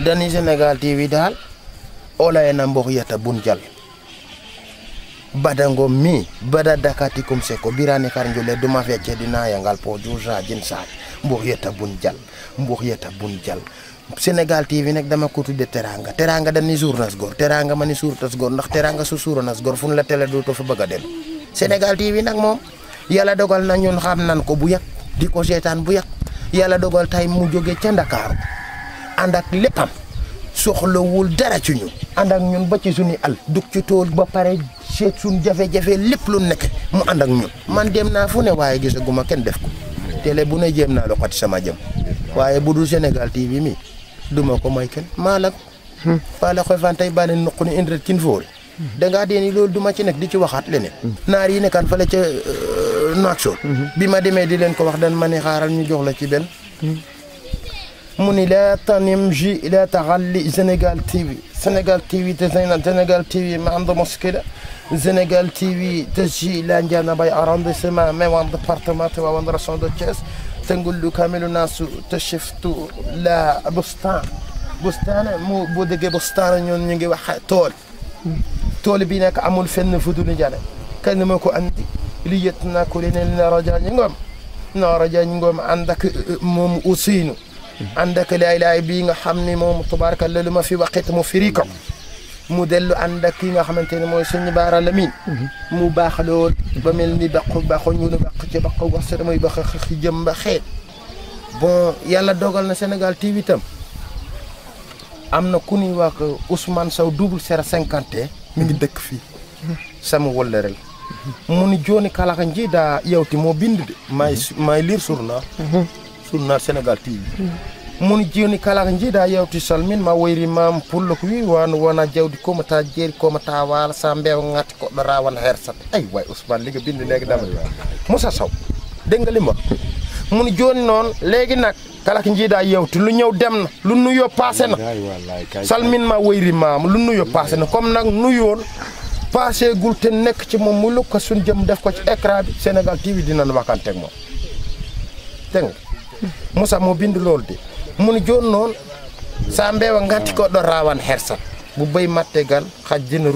dani senegal tv dal ola ena mbokh yata bunjal badango mi bada dakati kum seko birane karnjole duma fecce dina yangal po jurja djin sa mbokh yata bunjal mbokh yata bunjal senegal TV nek dama ko tudde teranga teranga dani ni journas gor teranga mani sourtas gor ndax teranga su souranas gor fun la tele do to fa beuga dem senegal TV nak mom yalla dogal na ñun xam nan ko bu yak diko setan bu yak yalla dogal tay mu joge ci Dakar ànd ak léppam soxlowul dara ci ñun ànd ak ñun ba ci suñu àll dug ci tool ba pare seet suñ jafe-jafe lépp lu nekk mu ànd ak ñun man dem naa fu ne waaye gisaguma kenn def ko télé bu ne jéem naa loxoti sama jëm waaye bu dul Sénégal TV mi duma ko may kenn maa la hmm. faa la koy fan tey baa ne nuq ni indret cin foore hmm. danga dee ni loolu duma ci nekk di ci waxaat leneen hmm. naar yi nekkaan fale ca euh, naag bi ma demee di leen ko wax dan man ne xaaral ñu jox la ci benn موني لا تنمجي لا تغلي سنغال تي في سنغال تي في تزينا سنغال تي في ما عنده مشكله سنغال تي في تجي لا نجانا باي سما مي وان ديبارتمون تو وان راسون دو تشيس تنقول لو كامل الناس تشفتو لا بستان بستان مو بودغي بستان نيون نيغي وخ تول تول بي نك امول فن فدو نجانا كان ماكو عندي ليتنا كلنا لنا رجال نغوم رجال نغوم عندك موم اوسينو عندك لا إله إلا بيغا خامني موم تبارك الله لما في وقت مفريكا مو دل عندك كيغا خامتيني موي سيني بار العالمين مو باخ لول با ملني باخو باخو ني نو باخ تي باخو وسر موي باخ خي جيم با خيت بون يالا دوغال نا سينغال تي فيتام amna kuni wak ousmane saw double sera 50 mi ngi dekk fi sama wolereel mu ni joni kala nga ji da yawti mo bind de may may lire journal sunna Senegal tv mun jioni kala ko salmin ma wayri mam pulla ko wi wan wona jawdi ko mata jeri ko mata wala sa ngat ko do rawan hersat ay way usman liga bindinege dama Musa saw dengalima mun joni non legi nak kala ko jiiɗa yawti lu ñaw demna lu nuyo ma wayri mam lu nuyo na comme nak nuyol passé gul te nek ci mom mu ko sun jëm def ko ci écran bi tv dinañ wakante ak mom teng musa mo bindi lolde moni joon noon sa mbewa gatti koɗo rawan hersat bu bayi matte gal ha jina